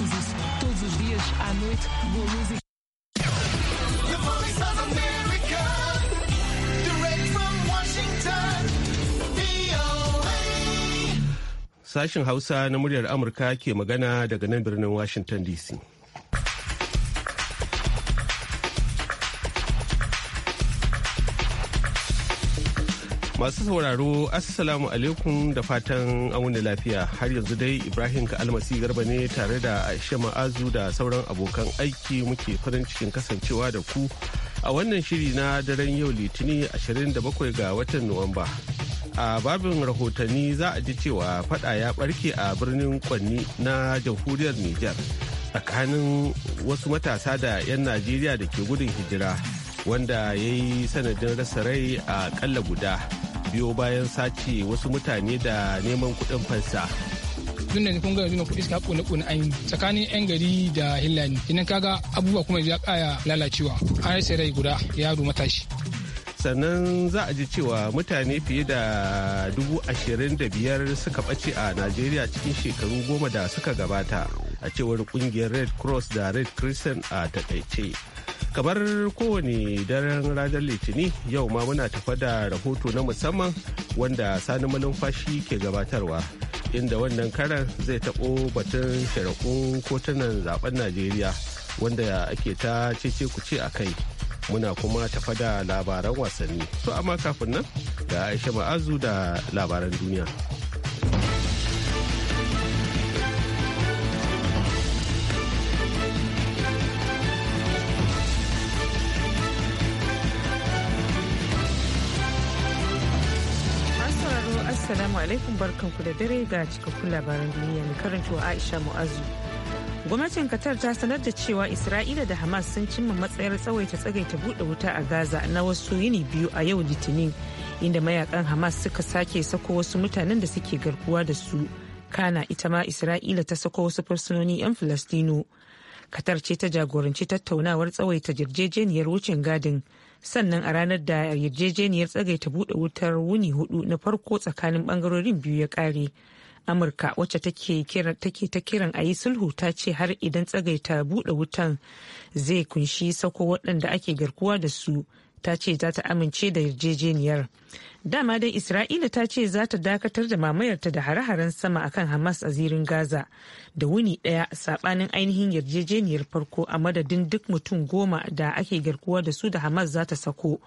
faças isso todos os dias, à noite, boa música. Sashen Hausa na muryar Amurka ke magana daga nan birnin Washington DC. Masu sauraro Assalamu alaikum da fatan wani lafiya har yanzu dai Ibrahim Almasi Garba ne tare da Aisha Ma'azu da sauran abokan aiki muke farin cikin kasancewa da ku a wannan shiri na daren yau Litini 27 ga watan Nuwamba. A babin rahotanni za a ji cewa fada ya barke a birnin Kwanni na jamhuriyar Nijar tsakanin wasu matasa da 'yan Najeriya da ke gudun hijira. wanda ya yi sanadin rasa rai a kalla guda biyo bayan sace wasu mutane da neman kuɗin fansa. tun da nufin gana kuɗi suka haƙo na ayin tsakanin 'yan gari da hillani idan kaga abubuwa kuma ya kaya lalacewa an rasa rai guda yaro matashi sannan za a ji cewa mutane fiye da dubu ashirin da biyar suka bace a najeriya cikin shekaru goma da suka gabata a cewar kungiyar red cross da red crescent a takaice kamar kowane daren ranar litini yau ma muna tafa da rahoto na musamman wanda sani malumfashi ke gabatarwa inda wannan karan zai taɓo batun shari'un kotunan zaben najeriya wanda ake ta cece ce a kai muna kuma tafa da labaran wasanni su amma kafin nan ga aisha ma'azu da labaran duniya Assalamu alaikum barkanku da dare ga cikakkun labaran duniya mai karantawa Aisha Mu'azu. Gwamnatin Qatar ta sanar da cewa Isra'ila da Hamas sun cimma matsayar tsawaita tsagaita buɗe wuta a Gaza na wasu yini biyu a yau Litinin inda mayakan Hamas suka sake sako wasu mutanen da suke garkuwa da su. Kana ita ma Isra'ila ta sako wasu fursunoni 'yan Filistino. Qatar ce ta jagoranci tattaunawar tsawaita jirjejeniyar wucin gadin sannan a ranar da yarjejeniyar tsagaita buɗe wutar wuni hudu na farko tsakanin bangarorin biyu ya ƙare amurka wacce take ta kiran a yi sulhu ta ce har idan tsagaita buɗe wutan zai kunshi sako waɗanda ake garkuwa da su ta ce za ta amince da yarjejeniyar dama dai isra'ila ta ce za ta dakatar da mamayarta da hare-haren sama akan hamas a zirin gaza da wuni daya sabanin ainihin yarjejeniyar farko a madadin duk mutum goma da ake garkuwa da su da hamas za ta sako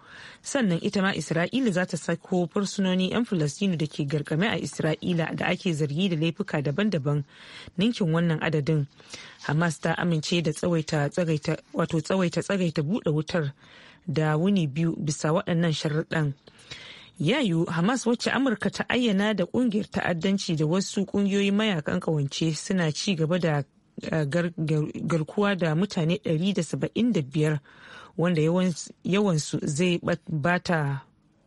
sannan ita ma isra'ila za ta sako fursunoni 'yan falastinu da ke garkame a isra'ila da ake zargi da laifuka daban-daban ninkin wannan adadin hamas ta amince da tsawaita tsagaita buɗe wutar da wuni biyu bisa waɗannan sharuɗan ya hamas wacce amurka ta ayyana da ƙungiyar ta'addanci da wasu ƙungiyoyi mayakan ƙawance suna ci gaba da eh, garkuwa da mutane 175 wanda yawansu zai bata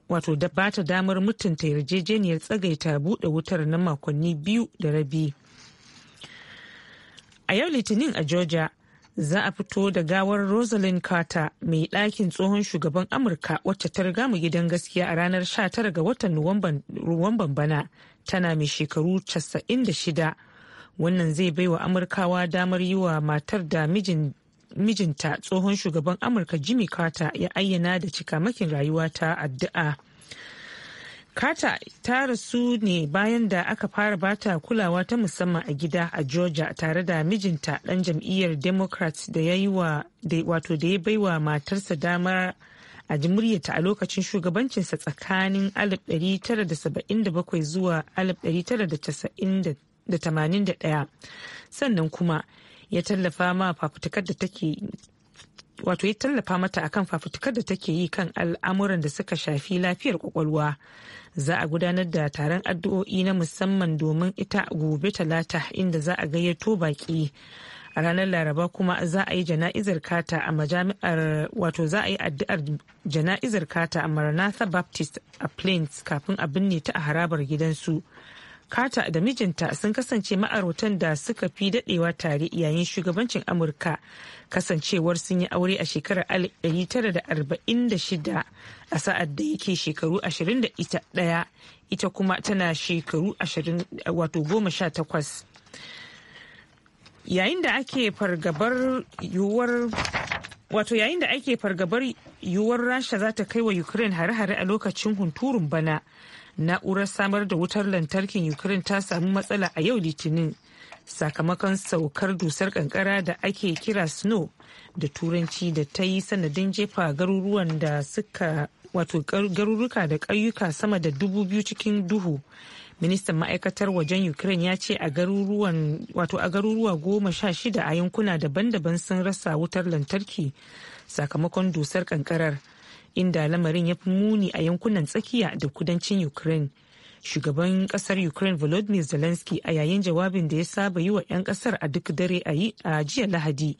wato da bata damar mutunta yarjejeniyar tsagaita buɗe wutar na makonni biyu da rabi a yau litinin a georgia za a fito da gawar Rosalind Carter mai ɗakin tsohon shugaban Amurka wacce ta riga mu gidan gaskiya a ranar 19 ga watan Nuwamban bana tana mai shekaru 96. Wannan zai bai wa Amurkawa damar yi wa matar da mijinta tsohon shugaban Amurka Jimmy Carter ya ayyana da cikamakin rayuwa ta addu'a. Carter ta rasu ne bayan da aka fara bata kulawa ta musamman a gida a Georgia tare da mijinta ɗan jam'iyyar Democrats da ya yi wa wato da ya baiwa matarsa damar a ji a lokacin shugabancinsa tsakanin 1977 zuwa 1981 sannan kuma ya tallafa ma fafutukar da take wato ya tallafa mata akan fafutukar da take yi kan al'amuran da suka shafi lafiyar kwakwalwa za a gudanar da taron addu'o'i na musamman domin ita gobe talata inda za a gayyato baki a ranar laraba kuma za a yi jana'izar kata a majami'ar wato za a yi addu'ar jana'izar kata a maranatha baptist a plains kafin a binne ta a harabar gidansu Carter da mijinta sun kasance ma'arautan da suka fi dadewa tare yayin shugabancin Amurka kasancewar sun yi aure a shekarar 1946 a sa'ad da yake shekaru 21 ita kuma tana shekaru 18. Yayin da ake fargabar yuwar wato yayin da ake fargabar rasha za ta kai wa ukraine hare-hare a lokacin hunturun bana na'urar samar da wutar lantarkin ukraine ta samu matsala a yau litinin sakamakon saukar dusar kankara da ake kira snow da turanci da ta yi sanadin jefa garuruwan da suka wato garuruka da ƙauyuka sama da dubu biyu cikin duhu ministan ma'aikatar wajen ukraine ya ce a garuruwa goma sha shida a yankuna daban-daban sun rasa wutar lantarki sakamakon dusar kankarar inda lamarin ya fi muni a yankunan tsakiya da kudancin ukraine shugaban kasar ukraine volodymyr zelensky a yayin jawabin da ya saba yi wa 'yan kasar a duk dare a yi a jiya lahadi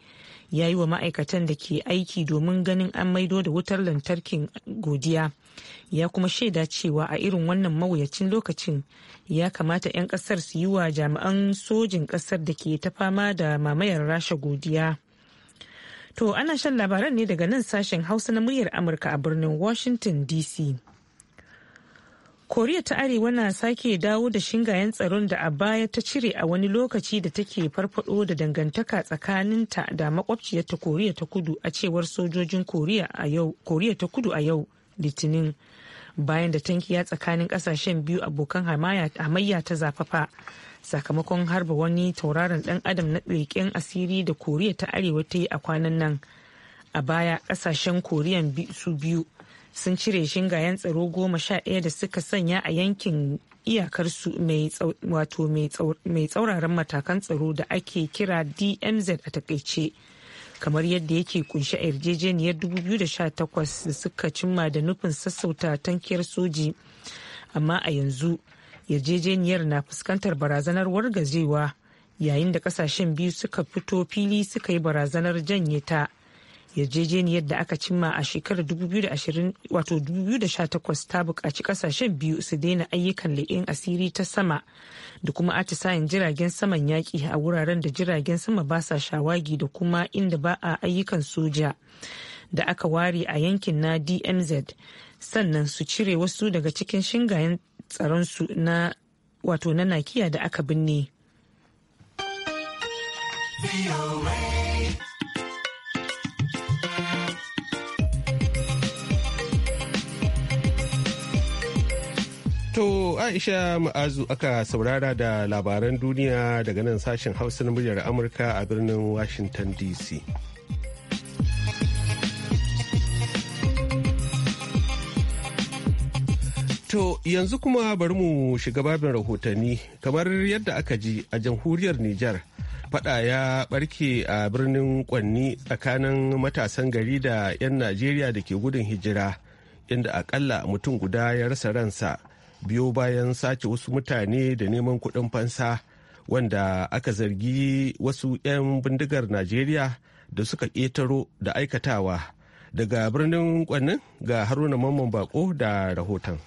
ya yi wa ma'aikatan da ke aiki domin ganin an maido da wutar lantarkin godiya ya kuma shaida cewa a irin wannan mawuyacin lokacin ya kamata 'yan kasar su yi wa jami'an sojin kasar da ke ta fama da mamayar rasha godiya To ana shan labaran ne daga nan sashen Hausa na muryar Amurka a birnin Washington DC. Koriya ta Arewa na sake dawo da shingayen tsaron da a baya ta cire a wani lokaci da take farfado da dangantaka tsakaninta da makwabciyarta Koriya ta Kudu a cewar sojojin Koriya ta Kudu a yau Litinin. Bayan da tankiya tsakanin kasashen biyu abokan hamayya ta zafafa sakamakon harba wani tauraron dan adam na leƙen asiri da koriya ta arewa ta yi a kwanan nan a baya kasashen koriya su biyu sun cire shingayen tsaro goma sha ɗaya da suka sanya a yankin iyakarsu wato mai tsauraran matakan tsaro da ake kira dmz a takaice kamar yadda yake kunshi a yarjejeniyar 2018 da suka cimma da nufin sassauta tankiyar soji amma a yanzu yarjejeniyar na fuskantar barazanar wargazewa yayin da kasashen biyu suka fito fili suka yi barazanar janye ta yarjejeniyar da aka cimma a shekarar 2018 ta buƙaci kasashen biyu su daina ayyukan leƙen asiri ta sama da kuma atisayen jiragen saman yaƙi a wuraren da jiragen sama ba sa shawagi da kuma inda ba a ayyukan soja da aka ware a yankin na dmz sannan su cire wasu daga cikin shingayen tsaronsu na wato na nakiya da aka binne. To Aisha Ma'azu aka saurara da labaran duniya daga nan sashen hausa na muryar Amurka a birnin Washington DC. Yanzu kuma bari mu shiga babin rahotanni kamar yadda aka ji a jamhuriyar Nijar. Fada ya barke a birnin Kwanni tsakanin matasan gari da 'yan Najeriya da ke gudun hijira inda akalla mutum guda ya rasa ransa biyo bayan sace wasu mutane da neman kuɗin fansa wanda aka zargi wasu 'yan bindigar Najeriya da suka ƙetaro da aikatawa daga birnin Kwannin ga Haruna Mamman Bako da rahoton.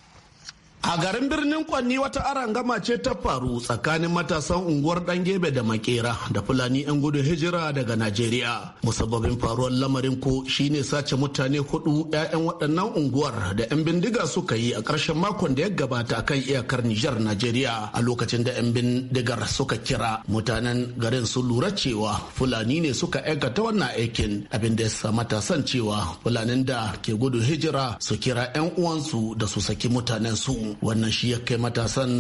A garin birnin Kwanni wata arangama ce ta faru tsakanin matasan unguwar ɗan gebe da makera da Fulani 'yan gudun hijira daga Najeriya. Musababin faruwar lamarin ko shine sace mutane hudu 'ya'yan waɗannan unguwar da 'yan bindiga suka yi a ƙarshen makon da ya gabata a kan iyakar Nijar Najeriya a lokacin da 'yan bindigar suka kira mutanen garin su lura cewa Fulani ne suka aikata wannan aikin abin da ya matasan cewa Fulanin da ke gudun hijira su kira 'yan uwansu da su saki mutanen su. wannan shi ya kai matasan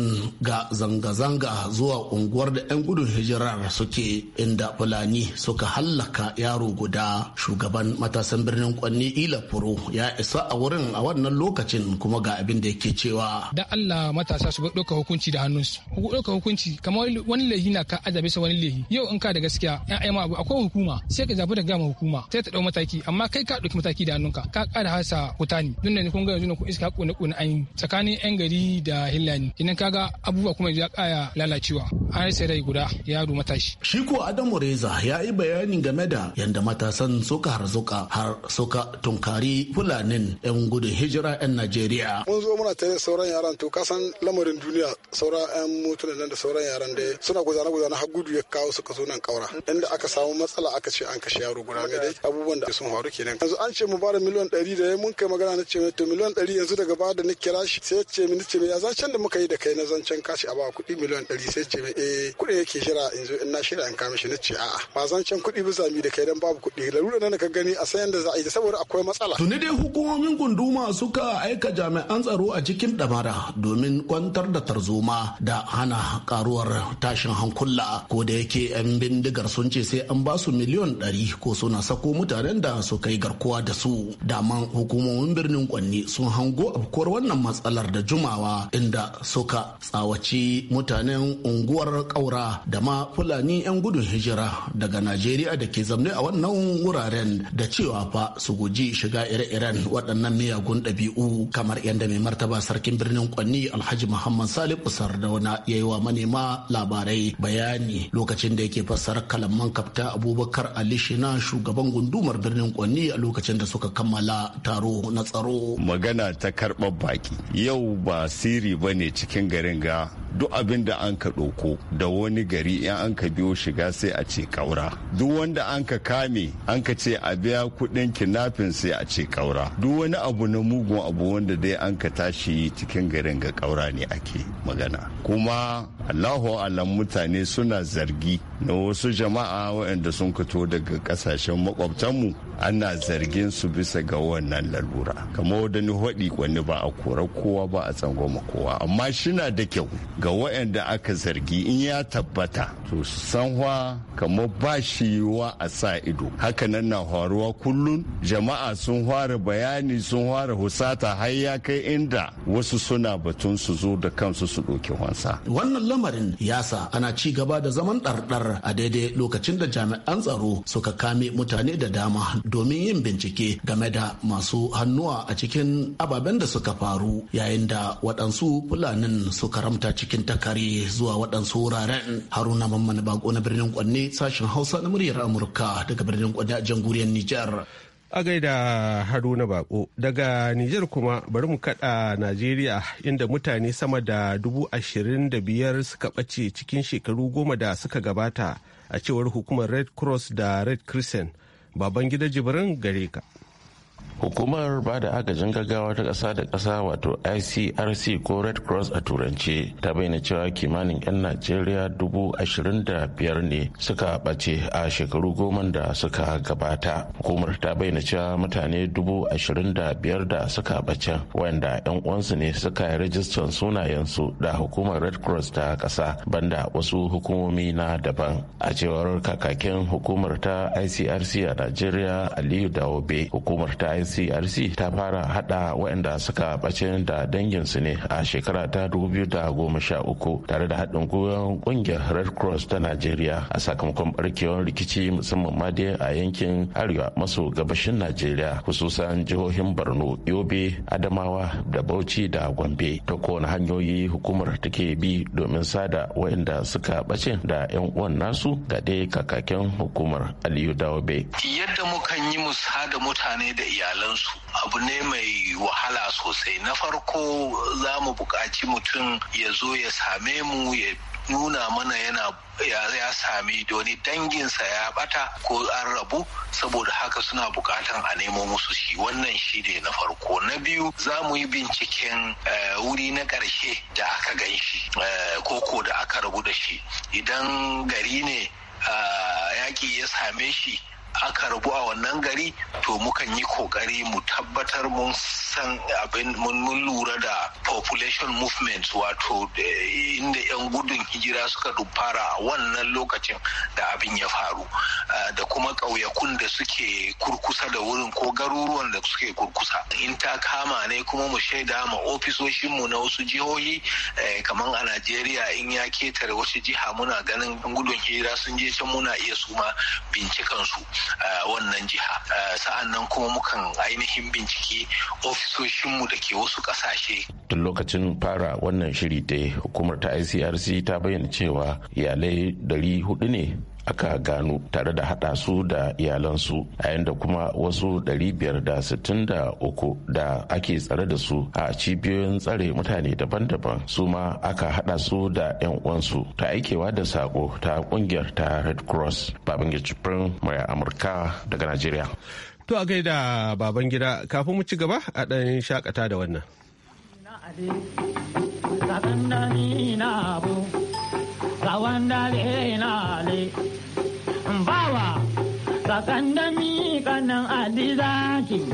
ga zanga-zanga zuwa unguwar da 'yan gudun hijirar suke inda fulani suka hallaka yaro guda shugaban matasan birnin kwanni ila furo ya isa a wurin a wannan lokacin kuma ga abin da yake cewa da allah matasa su ɗauka hukunci da hannunsu ɗauka hukunci kamar wani lehi na ka azabe sa wani lehi yau in ka da gaskiya yan aima abu akwai hukuma sai ka zabi da gama hukuma sai ta ɗau mataki amma kai ka ɗauki mataki da hannunka ka ƙara hasa kutani don ne kun ga yanzu na ku iska ƙone ƙone an tsakanin yan gari da hillani idan kaga abubuwa kuma ya kaya lalacewa an rasa rai guda yaro matashi shi ko adamu reza ya yi bayani game da yadda matasan suka soka har suka tunkari fulanin yan gudun hijira yan najeriya mun zo muna tare sauran yaran to kasan lamarin duniya sauran yan mutunan nan da sauran yaran da suna gudana gudana har gudu ya kawo suka zo nan kaura inda aka samu matsala aka ce an kashe yaro guda dai abubuwan da sun faru kenan yanzu an ce mu bada miliyan 100 da mun kai magana na ce to miliyan 100 yanzu daga ba da na kira shi sai ce mini ce mai zancen da muka yi da kai na zancen kashi a ba kuɗi miliyan ɗari sai ce mai eh kuɗi yake shira in zo in na shira in kama shi ce a'a ba zancen kuɗi ba mi da kai dan babu kuɗi larura na ka gani a san yadda za a yi saboda akwai matsala. Tuni dai hukumomin gunduma suka aika jami'an tsaro a cikin dabara domin kwantar da tarzoma da hana karuwar tashin hankula ko da yake 'yan bindigar sun ce sai an ba su miliyan ɗari ko suna sako mutanen da su yi garkuwa da su. Daman hukumomin birnin Kwanni sun hango afkuwar wannan matsalar da jum jimawa inda suka tsawaci mutanen unguwar kaura da ma fulani 'yan gudun hijira daga najeriya da ke zamne a wannan wuraren da cewa fa su guji shiga ire-iren waɗannan miyagun ɗabi'u kamar yadda mai martaba sarkin birnin kwanni alhaji muhammad salih usar da wani ya yi wa manema labarai bayani lokacin da yake fassarar kalamman kafta abubakar ali shina shugaban gundumar birnin kwanni a lokacin da suka kammala taro na tsaro magana ta karɓar baki yau ba siri ba ne cikin garin ga duk abin da an ka ɗauko da wani gari in an ka biyo shiga sai a ce kaura duk wanda an ka kame an ka ce a biya kuɗin kinafin sai a ce kaura duk wani abu na mugun abu wanda dai an ka tashi cikin garin ga kaura ne ake magana kuma allahu alam mutane suna zargi na wasu jama'a waɗanda sun fito daga ƙasashen makwabtanmu ana zargin su bisa ga wannan lalura kamar wadda ni haɗi wani ba a kora kowa ba a tsangoma kowa amma shina da kyau ga waɗanda aka zargi in ya tabbata to sanwa kamar ba shi yiwuwa a sa ido hakanan na faruwa kullun jama'a sun fara bayani sun fara husata har ya kai inda wasu suna batun su zo da kansu su ɗauki wansa wannan lamarin yasa ana ci gaba da zaman ɗarɗar a daidai lokacin da jami'an tsaro suka kame mutane da dama domin yin bincike game da masu hannuwa a cikin ababen da suka faru yayin da waɗansu fulanin su karamta ciki. cikin takari zuwa waɗansu wuraren haruna mamman bako na birnin kwanne sashen hausa na muryar amurka daga birnin kwanne a jamhuriyar nijar a gaida haruna bako daga nijar kuma bari mu kaɗa najeriya inda mutane sama da dubu ashirin da biyar suka ɓace cikin shekaru goma da suka gabata a cewar hukumar red cross da red crescent baban gida jibirin gare ka hukumar ba da agajin gaggawa ta ƙasa da ƙasa wato icrc ko red cross a turance ta bayyana cewa kimanin 'yan najeriya dubu ashirin da biyar ne suka ɓace a shekaru goma da suka gabata hukumar ta bayyana cewa mutane dubu ashirin da biyar da suka ɓace wanda 'yan uwansu ne suka yi rajistan sunayensu da hukumar red cross ta ƙasa banda wasu hukumomi na daban a cewar kakakin hukumar ta icrc a najeriya aliyu dawobe hukumar ta ncrc ta fara hada waɗanda suka bace da danginsu ne a shekara ta 2013 tare da haɗin gwiwar ƙungiyar red cross ta najeriya a sakamakon barkewar rikici musamman ma dai a yankin arewa maso gabashin najeriya hususan jihohin borno yobe adamawa da bauchi da gombe ta kowane hanyoyi hukumar ta ke bi domin sada waɗanda suka bace da 'yan uwan nasu ga dai kakakin hukumar aliyu dawobe yadda mukan yi musa da mutane da iyalai iyalansu abu ne mai wahala sosai na farko za mu buƙaci mutum ya zo ya same mu ya nuna mana yana ya sami wani danginsa ya bata ko an rabu saboda haka suna bukatan a nemo musu shi wannan shi ne na farko na biyu za mu yi binciken eh, wuri na ƙarshe da aka gan shi koko eh, da aka rabu da shi idan gari ne ah, yaƙi ya same shi aka rabu a wannan gari to mukan yi kokari mu tabbatar mun san abin mun lura da population movement wato eh, inda 'yan gudun hijira suka dubfara a wannan lokacin da abin ya faru eh, da kuma ƙauyakun da suke kurkusa da wurin ko garuruwan da suke kurkusa in ta kama ne kuma mu shaida ma ofisoshinmu na wasu jihohi eh, kamar a najeriya in ya ketare wasu jiha muna ganin gudun hijira sun je can muna iya suma bincikansu Eh, wannan jiha eh, sa'an nan kuma mukan ainihin bincike ofisoshinmu da ke wasu ƙasashe. tun lokacin fara wannan shiri ta hukumar ta icrc ta bayyana cewa iyalai 400 ne aka gano tare da hada su da iyalansu a yadda kuma wasu 563 da ake tsare da su a cibiyoyin tsare mutane daban-daban su ma aka hada su da 'yan uwansu ta aikewa da sako ta kungiyar ta red cross babangida cikin mai amurka daga nigeria to a gaida babangida kafin mu ci gaba a ɗan shakata da wannan na kawan dare na ale bawa sakandami kanan alizaki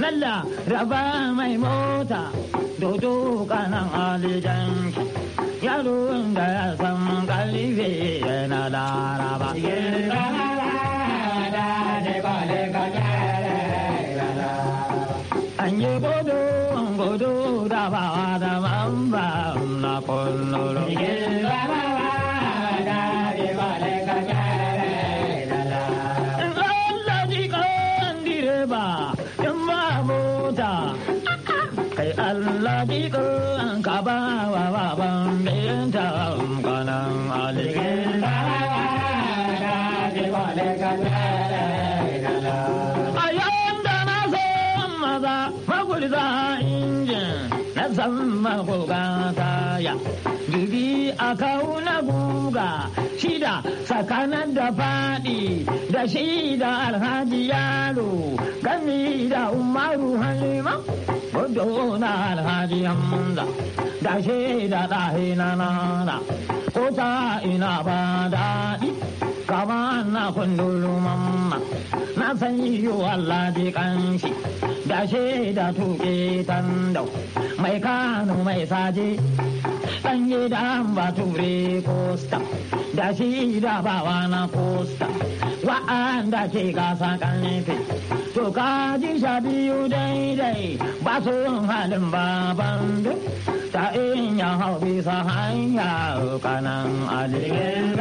lalla raba mai mota dodo kanan alijanki yaron da ya san kalife yana laraba an yi godo godo da bawa da mamba na kullum baba ba baban binta kanan aligin a yayin da na san maza magulza injin na san magulgata ya dubi a kauna guga shida tsakanin da faɗi da shida alhaji yaro gami da umaru halima Kudu na alhaji hamza gashe da ɗahi na nana ko ta ina ba daɗi kama na kundulu mamma na san yiwu Allah ji kanshi gashe da tuƙe tandau mai kano mai saje sanyi da bature kosta da shi da bawa na kosta wa'anda ke gasa karfe to ka ji sha biyu daidai ba su halin baban duk ta in hau bisa hanya kanan alikin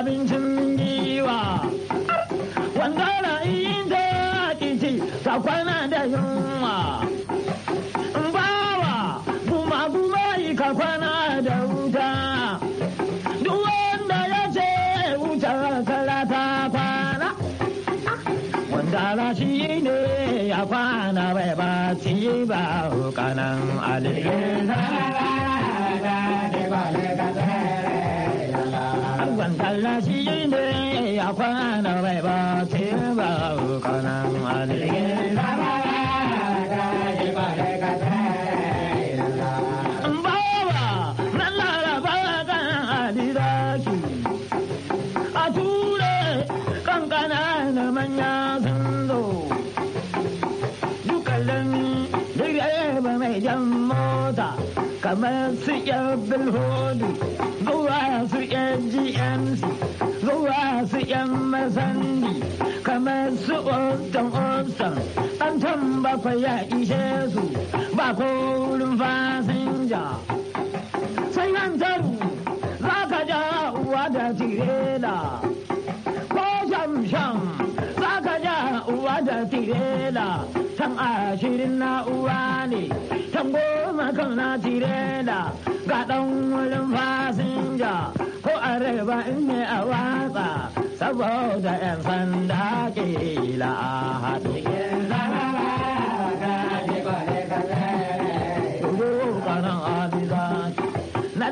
abincin giwa wanda ka kwana da yunwa bawa guma guma ka kwana da wuta duk wanda ya ce wuta kala ta kwana wanda rashi ne ya kwana bai ba ci ba kanan alilin wanda shi ne ya kwana bai ba ci ba kanan alilin kamar su yan bilhodu zuwa su yan gmc zuwa su yan masandi kamar su otan otan ɗantan bakwai ya ishe su ba ko wurin fasinja sai hantaru za ka ja uwa da tirela da tirela tan ashirin na uwa ne tan goma kan na tirela ga dan wurin fasinja ko araba in ne a watsa saboda yan sanda kila a haɗu.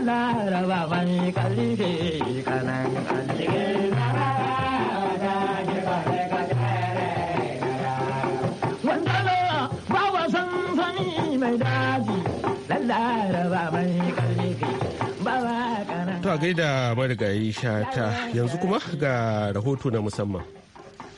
laraba mai kalife kanan kalife To gaida marigayi shata yanzu kuma ga rahoto na musamman.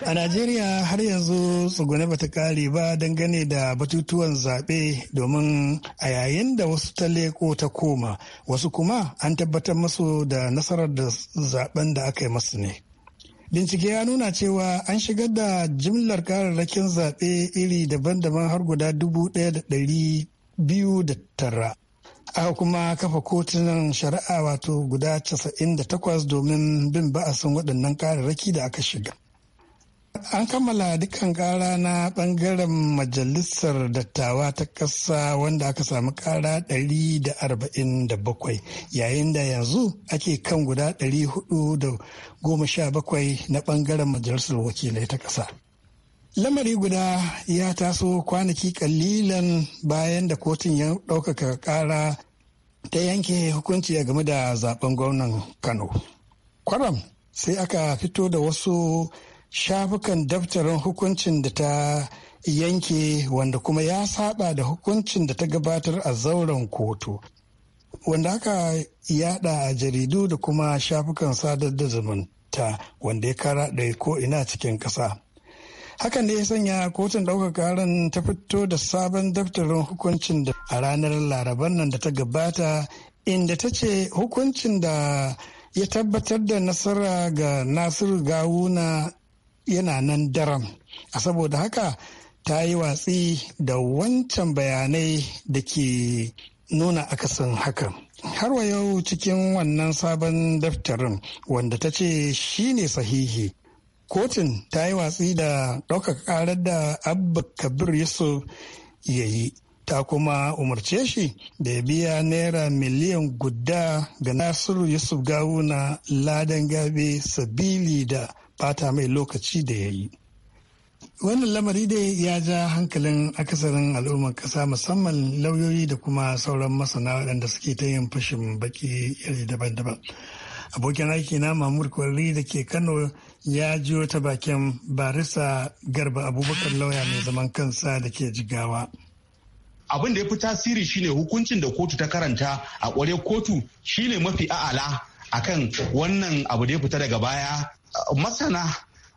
A Najeriya har yanzu tsugune bata kare ba dangane da batutuwan zaɓe domin a yayin da wasu ta leko ta koma wasu kuma an tabbatar masu da nasarar da zaben da aka yi masu ne. Bincike ya nuna cewa an shigar da jimlar kararrakin zaɓe iri daban-daban har guda dubu ɗaya da ɗari biyu da tara aka kuma kafa kotunan shari'a wato guda 98 domin bin ba'asin waɗannan ƙararraki da aka shiga. An kammala dukkan ƙara na ɓangaren majalisar dattawa ta ƙasa wanda aka samu kara 147 yayin da yanzu ake kan guda 417 na ɓangaren majalisar wakilai ta ƙasa. lamari guda ya taso kwanaki kalilan bayan da kotun ya ɗaukaka ƙara ta yanke hukunci a game da zaben gwamnan kano kwaram sai aka fito da wasu shafukan daftarin hukuncin da ta yanke wanda kuma ya saba da hukuncin da ta gabatar a zauren kotu wanda aka yada a jaridu da kuma shafukan sadar da zumunta wanda ya kara ko ina cikin ƙasa. Hakan ne ya sanya kotun ɗaukar karin ta fito da sabon daftarin hukuncin da a ranar laraban nan da ta gabata inda ta ce hukuncin da ya tabbatar da nasara ga Nasiru Gawuna yana nan daram. A saboda haka ta yi watsi da wancan bayanai da ke nuna akasin hakan. Har wa yau cikin wannan sabon daftarin wanda ta ce shi ne sahihi kotun ta yi watsi da ɗaukar karar da abba kabir yusuf ya yi ta kuma umarce shi da ya biya naira miliyan guda ga nasiru yusuf na ladan gabe sabili da bata mai lokaci da ya yi wannan lamari da ya ja hankalin akasarin al'ummar kasa musamman lauyoyi da kuma sauran masana waɗanda suke ta yin fashin baki iri daban-daban abokin aiki na mamur kwalli da ke kano ya jiyo ta bakin Barisa garba abubakar lauya mai zaman kansa da ke jigawa abin da ya fi tasiri shine hukuncin da kotu ta karanta a kware kotu shine mafi a'ala akan wannan abu da ya fita daga baya masana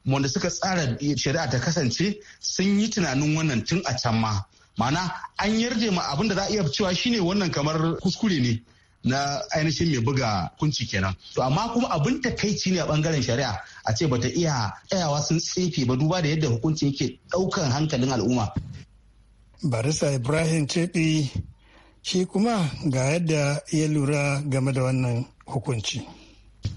wanda suka tsara shari'a ta kasance sun yi tunanin wannan tun a can ma mana an yarje ma abin da za a iya cewa shine wannan kamar kuskure ne na ainihin mai buga kunci kenan to amma kuma abin takaici ne a bangaren shari'a a ce bata iya tsayawa sun tsefe ba duba da yadda hukuncin yake daukan hankalin al'umma barisa ibrahim ceɗi shi kuma ga yadda ya lura game da wannan hukunci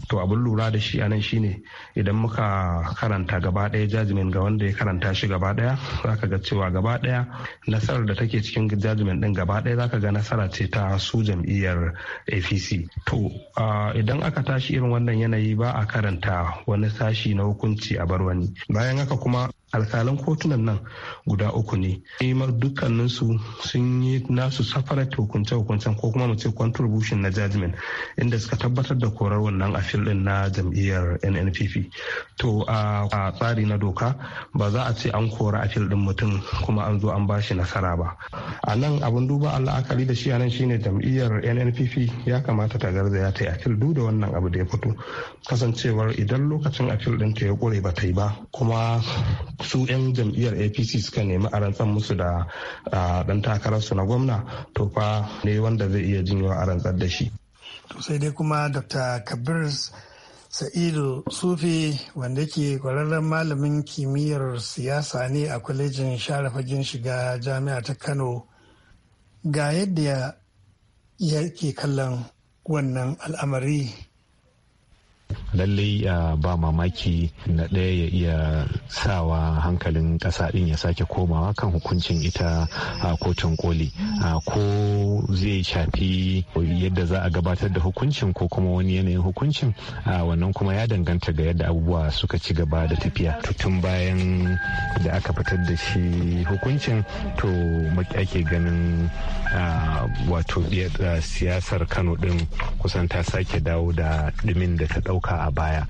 to abin lura da shi a nan shine idan muka karanta gaba daya jajimin ga wanda ya karanta shi gaba za zaka ga cewa gaba daya nasarar da take cikin jajimen ɗin gaba ɗaya zaka ga nasara ce ta su jam'iyyar apc to idan aka tashi irin wannan yanayi ba a karanta wani sashi na hukunci a bar wani bayan haka kuma alkalan kotunan nan guda uku ne dukkaninsu sun yi nasu separate hukunce-hukuncen ko kuma mu ce contribution na judgment inda suka tabbatar da korar wannan afi constitution din na jam'iyyar nnpp to a tsari na doka ba za a ce an kora afil din mutum kuma an zo an ba shi nasara ba a nan abin duba a la'akari da shi a nan shine jam'iyyar nnpp ya kamata ta garzaya ta yi afil duk da wannan abu da ya fito kasancewar idan lokacin afil din ta ya kure ba ta yi ba kuma su 'yan jam'iyyar apc suka nemi a rantsar musu da dan takararsu na gwamna to fa ne wanda zai iya jinyewa a rantsar da shi to sai dai kuma dr kabir sa'idu sufi wanda ke kwararren malamin kimiyyar siyasa ne a kwalejin share fagen shiga jami'a ta kano ga yadda ya ke kallon wannan al'amari lallai ba mamaki na ɗaya ya iya sawa hankalin ƙasa ɗin ya sake komawa kan hukuncin ita a kotun koli ko zai shafi yadda za a gabatar da hukuncin ko kuma wani yanayin hukuncin wannan kuma ya danganta ga yadda abubuwa suka ci gaba da tafiya tun bayan da aka fitar da shi hukuncin to ake ganin wato siyasar kano ɗin kusan ta sake dawo da ɗumin da ta ɗau ɗauka a baya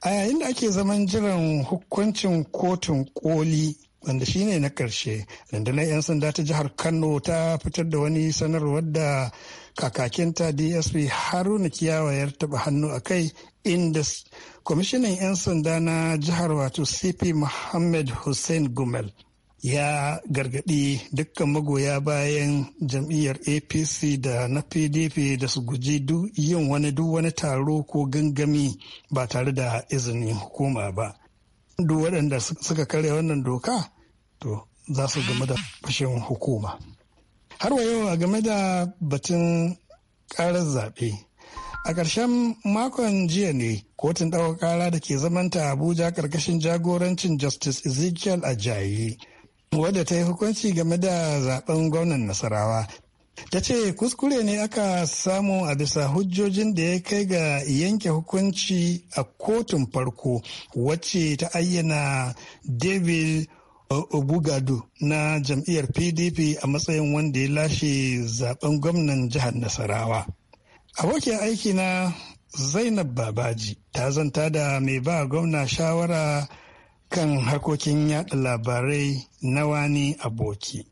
a yayin da ake zaman jiran hukuncin kotun koli wanda shine na ƙarshe rundunar 'yan sanda ta jihar kano ta fitar da wani sanarwar da kakakinta dsp haruna ya taɓa hannu a kai inda kwamishinan 'yan sanda na jihar wato cp muhammad hussein gumel ya gargadi dukkan magoya bayan jam'iyyar apc da na pdp da su guji yin wani duk wani taro ko gangami ba tare da izinin hukuma ba duk waɗanda suka karya wannan doka to za su game da fashin hukuma har wa yau a game da batun karar zaɓe A ƙarshen makon jiya ne kotun ɗaukar ƙara da ke zamanta Abuja ƙarƙashin jagorancin Justice Ezekiel Ajayi wadda ta yi hukunci game da zaben gwamnan nasarawa ta ce kuskure ne aka samu a bisa hujjojin da ya kai ga yanke hukunci a kotun farko wacce ta ayyana david ogugado na jam'iyyar pdp a matsayin wanda ya lashe zaben gwamnan jihar nasarawa abokin aiki na zainab babaji ta zanta da mai ba gwamna shawara kan harkokin yada labarai na wani aboki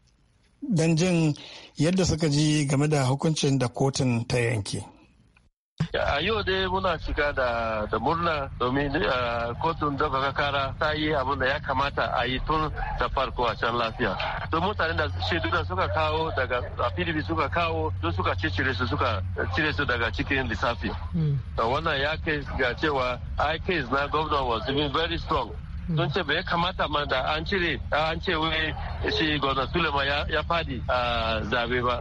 don jin yadda suka ji game da hukuncin da kotun ta yanke. a yau dai muna shiga da da murna domin kotun daukaka kara ta yi abin da ya kamata a yi tun da farko a can lafiya don mutane da da suka kawo daga pdp suka kawo don suka cire su suka cire su daga cikin lissafi da hmm. wannan ya kai ga cewa i case na governor was very strong don ce bai kamata ma da an cire an ce wai shi gwamna sule ma ya fadi a zabe ba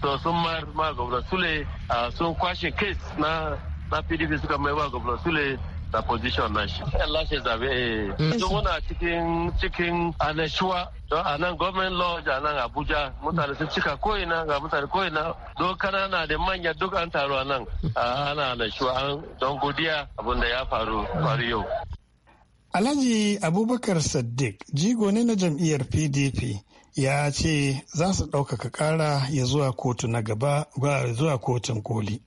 to sun ma gwamna sule sun kwashe case na na pdp suka mai wa gwamna sule da position na shi Allah shi zabe eh mm. muna cikin cikin anashuwa don a nan government law da nan abuja mutane sun cika ko'ina ga mutane ko'ina don na da manya duk an taru a nan ana anashuwa don godiya abin da ya faru faru yau Alhaji Abubakar Saddiq jigo ne na jam'iyyar PDP ya ce za su ɗaukaka ƙara ya zuwa kotu na gaba ga zuwa kotun koli.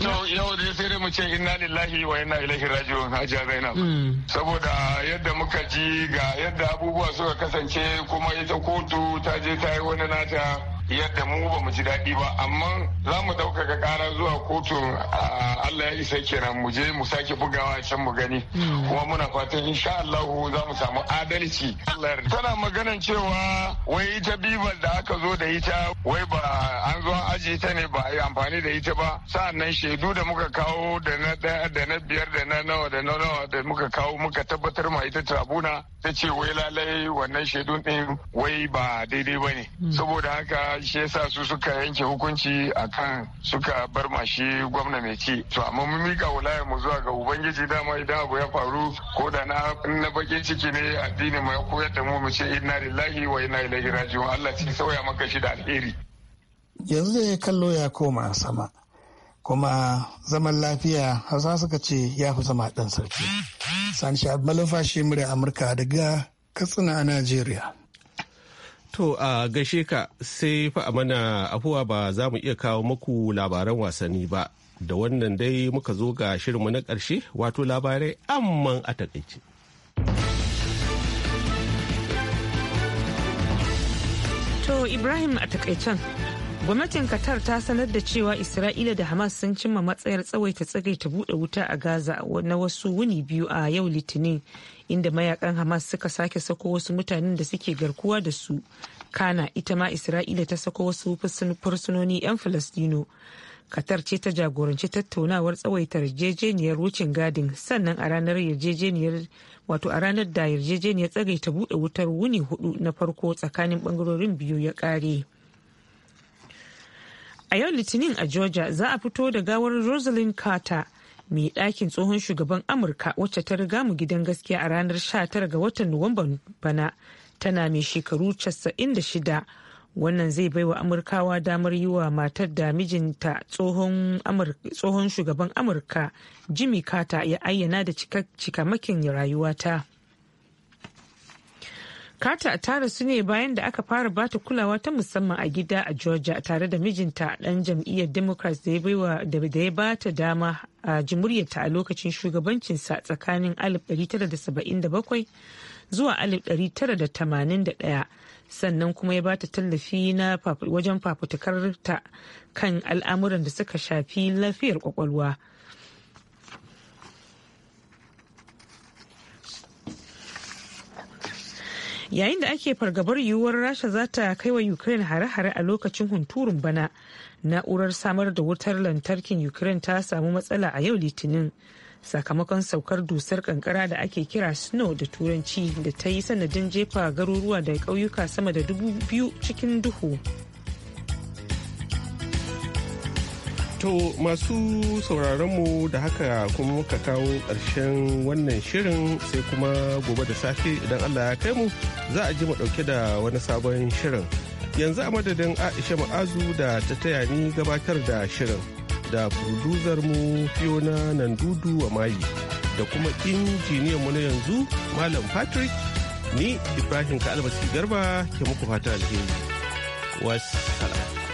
yau da sai dai mu ce inna lillahi wa inna ilaihi raji'un hajiya zainab hmm. saboda yadda muka ji ga yadda abubuwa suka kasance kuma ita kotu ta je ta yi wani nata yadda mu ba mu ji daɗi ba amma za mu ɗaukaka ƙara zuwa kotun Allah ya isa kenan mu je mu sake bugawa can mu gani hmm. kuma muna fatan insha Allah za mu samu adalci tana maganan cewa wai ita bibal da aka zo da ita wai ba an zo aji ta ne ba yi amfani da ita ba sa'annan shaidu da muka kawo da na ɗaya da na biyar da na nawa da na nawa da muka kawo muka tabbatar ma ita tabuna ta ce wai lalai wannan shaidu ɗin wai ba daidai ba ne hmm. saboda haka shi yasa su suka yanke hukunci akan suka bar mashi gwamna mai ci to amma mun mika wulaya mu zuwa ga ubangiji dama idan abu ya faru ko da na na bakin ciki ne addini mai koyar da mu mu ce inna lillahi wa inna ilaihi raji'un Allah ci sauya maka shi da alheri yanzu ya kallo ya koma sama kuma zaman lafiya hausa suka ce ya fi zama ɗan sarki sani malafa shi murya amurka daga katsina a najeriya To a gaishe ka sai fa a mana afuwa ba za mu iya kawo muku labaran wasanni ba. Da wannan dai muka zo ga shirinmu na ƙarshe wato labarai amma a takaice. To Ibrahim a takaicen Gwamnatin Qatar ta sanar da cewa Isra'ila da Hamas sun cimma matsayar tsawaita tsagai ta bude wuta a Gaza na wasu wuni biyu a yau Litinin inda mayakan Hamas suka sake sako wasu mutanen da suke garkuwa da su. Kana ita ma Isra'ila ta sako wasu fursunoni 'yan Falastino. Qatar ce ta jagoranci tattaunawar tsawaitar yarjejeniyar wucin gadin sannan a ranar yarjejeniyar wato a ranar da yarjejeniyar tsagaita bude wutar wuni hudu na farko tsakanin bangarorin biyu ya kare. A yau Litinin a Georgia za a fito da gawar Rosalind Carter mai ɗakin tsohon shugaban Amurka wacce ta riga mu gidan gaskiya a ranar 19 ga watan Nuwamban bana tana mai shekaru 96. Wannan zai baiwa Amurkawa damar yi wa matar da mijinta tsohon shugaban Amurka Jimmy Carter ya ayyana da cikamakin rayuwata. Carter ta su ne bayan da aka fara bata kulawa ta musamman a gida a Georgia tare da mijinta ɗan jam'iyyar Democrats da ya ba ta dama a jimuryarta a lokacin shugabancinsa tsakanin 1977 zuwa 1981 sannan kuma ya ba ta tallafi na wajen fafutukar ta kan al'amuran da suka shafi lafiyar kwakwalwa. yayin da ake fargabar yiwuwar rasha za ta kai wa ukraine hare-hare a lokacin hunturun bana na'urar samar da wutar lantarkin ukraine ta samu matsala a yau litinin sakamakon saukar dusar kankara da ake kira snow da turanci da ta yi sanadin jefa garuruwa da ƙauyuka sama da dubu biyu cikin duhu To masu sauraronmu da haka kuma muka kawo ƙarshen wannan shirin sai kuma gobe da safe idan Allah ya kai mu za a ji mu ɗauke da wani sabon shirin. Yanzu a madadin Aisha Ma'azu da ta taya ni gabatar da shirin da mu Fiona Nandudu a mayi da kuma mu na yanzu Malam Patrick ni Ibrahim kalbasi Garba ke muku fata alheri. Wasu